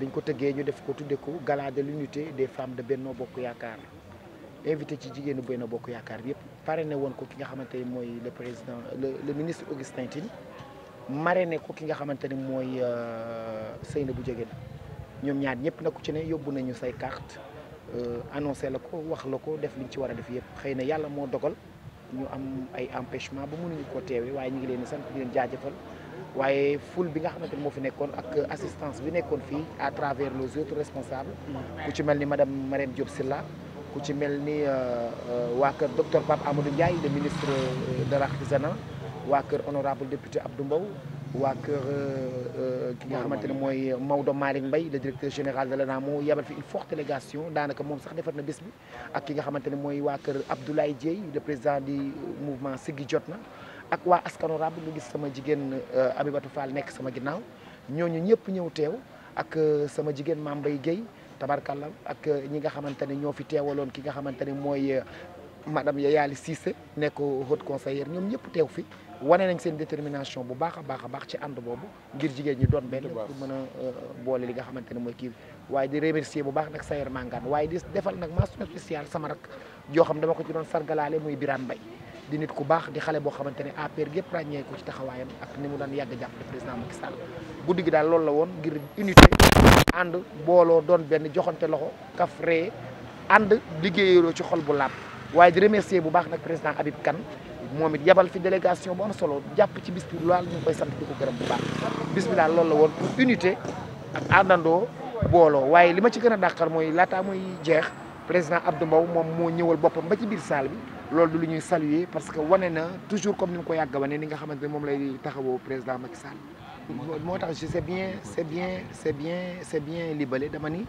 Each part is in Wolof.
dañ ko tëggee ñu def ko tuddee ko gala de l'unité des femmes de Benno Bokk Yaakaar invité ci jigéenu na Bokk Yaakaar bi pare parrainé woon ko ki nga xamante ni mooy le président le le ministre Augustin Tine marrainé ko ki nga xamante ni mooy euh, Seynabou Diéguène ñoom ñaar ñëpp nag ku ci ne yóbbu nañu say carte euh, annoncer la ko wax la ko def liñ ci war a def yëpp xëy na yàlla moo dogal ñu am ay empêchement ba mënuñu ko teewee waaye ñu ngi leen di sant di leen jaajëfal. waaye foule bi nga xamante ne moo fi nekkoon ak assistance bi nekkoon fii à travers les autres responsables ku ci mel ni madame Marème Diop Silla ku ci mel ni euh, euh, waa kër docteur Pape Amadou Ndiaye le ministre euh, de l'artisanat waa kër honorable député Abdou Mbow waa kër ki nga xamante ne mooy Maodo Malick Mbaye le directeur général de moo yebal fi une forte délégation daanaka moom sax defar na bés bi ak ki nga xamante ne mooy waa kër Abdoulaye Dieye le président du mouvement Siggi Jotna ak waa askanu rab nga gis sama jigéen euh, Abibatou Fall nekk sama ginnaaw ñooñu ñëpp ñëw teew ak euh, sama jigéen Mame Mbaye Guèye tabarkalla ak euh, ñi nga xamante ne ñoo fi teewaloon ki nga xamante ne mooy madame Yaali Cissé nekk haute conseillère ñoom ñëpp teew fi wane nañ seen détermination bu baax a baax a baax ci ànd boobu ngir jigéen ñi doon benn pour mën a boole li nga xamante ne mooy kii waaye di remercier bu baax nag Sayer Mangane waaye di defal nag ma spéciale sama rak joo xam dama ko ci doon sargalaale muy Birane Mbaye di nit ku baax di xale boo xamante ni APR gépp ràññee ko ci taxawaayam ak ni mu daan yàgg jàppale président Macky guddi gi daal loolu la woon ngir unité ànd booloo doon benn joxante loxo kaf ànd liggéeyaloo ci xol bu laab waaye di remercier bu baax nag président Habib Kane moom it yabal fi délégation bu am solo jàpp ci bis bi lool ñu koy sant ko gërëm bi daal loolu la woon pour unité ak àndandoo booloo waaye li ma ci gën a dàqal mooy laataa muy jeex président Abdou Mbow moom moo ñëwal boppam ba ci biir saal bi loolu du lu ñuy saluer parce que wane na toujours comme ni mu ko yàgg wane ni nga xamante ne moom lay taxawoo président Macky Sall. moo tax je sais bien c' bien c' est bien c' est bien libellé dama ni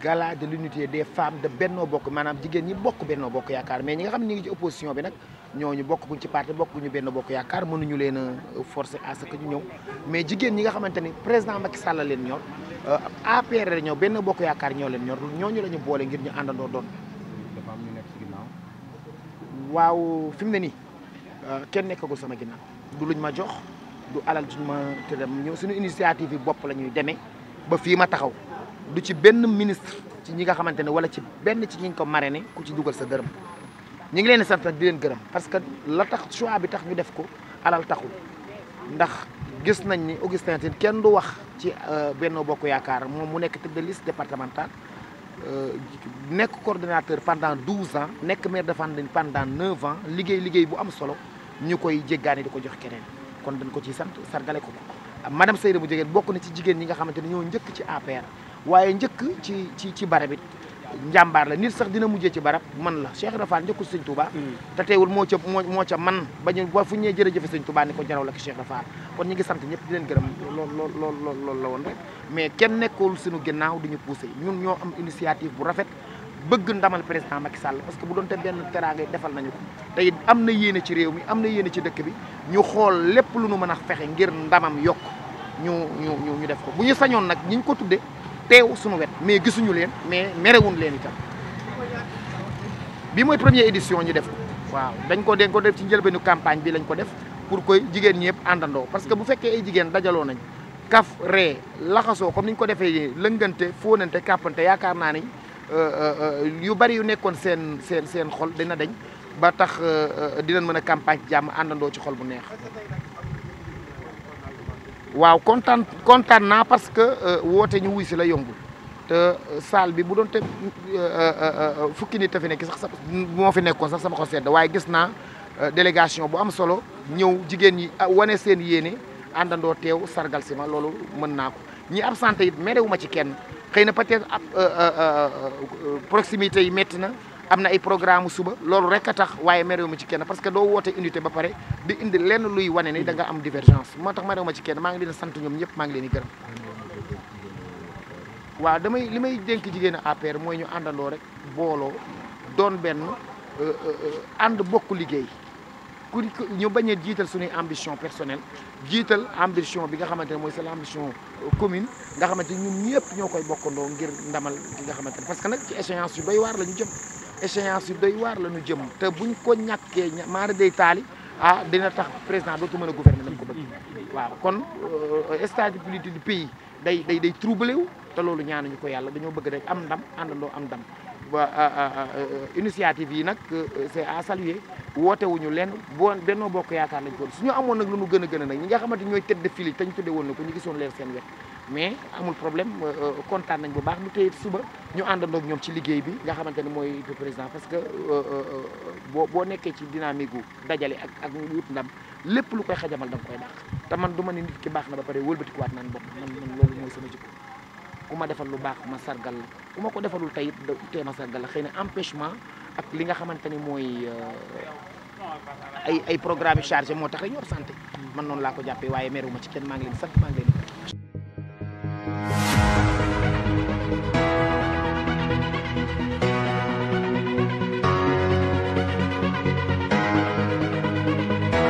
gala de l' unité des femmes de Benno Bokk maanaam jigéen ñi bokk Benno Bokk Yaakaar mais ñi nga xam ne ñu ngi ci opposition bi nag ñooñu bokkuñ ci parti ñu Benno Bokk Yaakaar mënuñu leen force forcer que ñu ñëw mais jigéen ñi nga xamante ni président Macky Sall leen ñor euh, APR la ñëw Benno Bokk Yaakaar ñoo leen ñor ñooñu la ñu boole ngir ñu àndandoo doon. waaw fi mu ne nii euh, kenn nekkagul sama ginnaaw du luñ ma jox du alal duñ ma te dem ñëw suñu initiative yi bopp la ñuy demee ba fii ma taxaw du ci benn ministre ci ñi nga xamante ne wala ci benn ci ñi ko ne ku ci dugal sa gërëm ñu ngi leen di di leen gërëm parce que la tax choix bi tax ñu def ko alal taxul ndax gis nañ ni Augustin Tine kenn du wax ci euh, Benno Bokk Yaakaar moom mu nekk tête de liste départementale nekk coordonnateur pendant douze ans nekk maire de Fandène pendant neuf ans liggéey liggéey bu am solo ñu koy jéggaani di ko jox keneen kon dañ ko ciy sant sargale ko ko madame bu jegeen bokk na ci jigéen ñi nga xamante ne ñoo njëkk ci APR waaye njëkk ci ci ci barabit njàmbaar la nit sax dina mujjee ci barab man la Cheikh Rafal njëkkul sëñ Touba mm. te teewul moo ca moo ca man bañu ba fu ñee jërëjëfe sëñ Touba ni ko jaraw la ki Cheikh Rafal kon ñu ngi sant ñëpp di gërëm lool lool lool lool loolu la woon rek mais kenn nekkul suñu ginnaaw di ñu ñun ñoo am initiative bu rafet bëgg ndamal président Macky Sall parce que bu doon te benn teraanga defal nañu ko tey am na yéene ci réew mi am na yéene ci dëkk bi ñu xool lépp lu nu mën a fexe ngir ndamam yokk ñu ñu ñu def ko bu ñu sañoon nag ñi ñu ko tudde teew suñu wet mais gisuñu leen mais merewuñ leen itam bi mooy première édition ñu def waaw dañ ko dañ ko def ci njëlbeenu campagne bi lañ ko def pour koy jigéen ñi yëpp àndandoo parce que bu fekkee ay jigéen dajaloo nañ kaf ree laxasoo comme niñ ko defee lëngante fóonante kàppante yaakaar naa ni euh, euh, yu bari yu nekkoon seen seen seen xol dina dañ ba tax euh, dinañ mën a campagne jàmm àndandoo ci xol bu neex waaw kontaan kontaan naa parce que euh, woote ñu wuy si la yombul te euh, salle bi bu doon te euh, fukki nit a fi nekk sax sa moo fi nekkoon sax sama xol sedd waaye gis naa délégation bu am solo ñëw jigéen ñi ah, wane seen yéene àndandoo teew sargal si ma loolu mën naa ko ñi absenté it merewuma ci kenn xëy na peut-être ab proximité yi métti na am na ay programme suba loolu rek a tax waaye merewu ma ci kenn parce que doo woote unité ba pare di indi lenn luy wane ni da nga am divergence moo tax merewu ma ci kenn maa ngi leen sant ñoom ñëpp maa ngi di gërëm waaw damay li may dénk jigéen a APR mooy ñu àndandoo rek booloo doon benn euh, euh, ànd bokk liggéey ku ñu bañ a jiital suñuy ambition personnelle jiital ambition bi nga xamante ne mooy c'est l'ambition euh, commune nga xamante ñun ñëpp ñoo koy bokkandoo ngir ndamal ki nga xamante parce que nag ci échéance yu doy waar la ñu jëm échéance yu doy waar la ñu jëm te buñ ko ñàkkee maara day taali ah dina tax président dootu mën a gouverner nañ ko bëgg waaw kon euh, stabilité du pays day day day troublé wu te loolu ñaanuñu ko yàlla dañoo bëgg rek am ndam àndandoo am ndam ba ah, ah, ah, euh, initiative yi nag euh, c'est à saluer woote wuñu lenn boo bennoo yaakaar nañ ko suñu amoon nag lu nu gën a gën a nag ñi nga xamante ñooy tëdd fili te ñu tudde woon na ko ñu gisoon leen seen wet mais amul problème euh, euh, kontaan nañ bu baax nu tey suba ñu àndandoog ñoom ci liggéey bi nga xamante ne mooy président parce que euh, boo boo nekkee ci dynamique gu dajale ak ak wut ndam lépp lu koy xajamal da koy dàq te man du ma ne nit ki baax na ba pare wëlbatikuwaat naan bopp man man loolu mooy sama jikko ku ma defal lu baax ma sargal la ku ma ko defalul tey it tey ma sargal la xëy na empêchement ak li nga xamante ne mooy ay ay programme chargé moo tax rek yor santé man noonu laa ko jàppee waaye meruma ci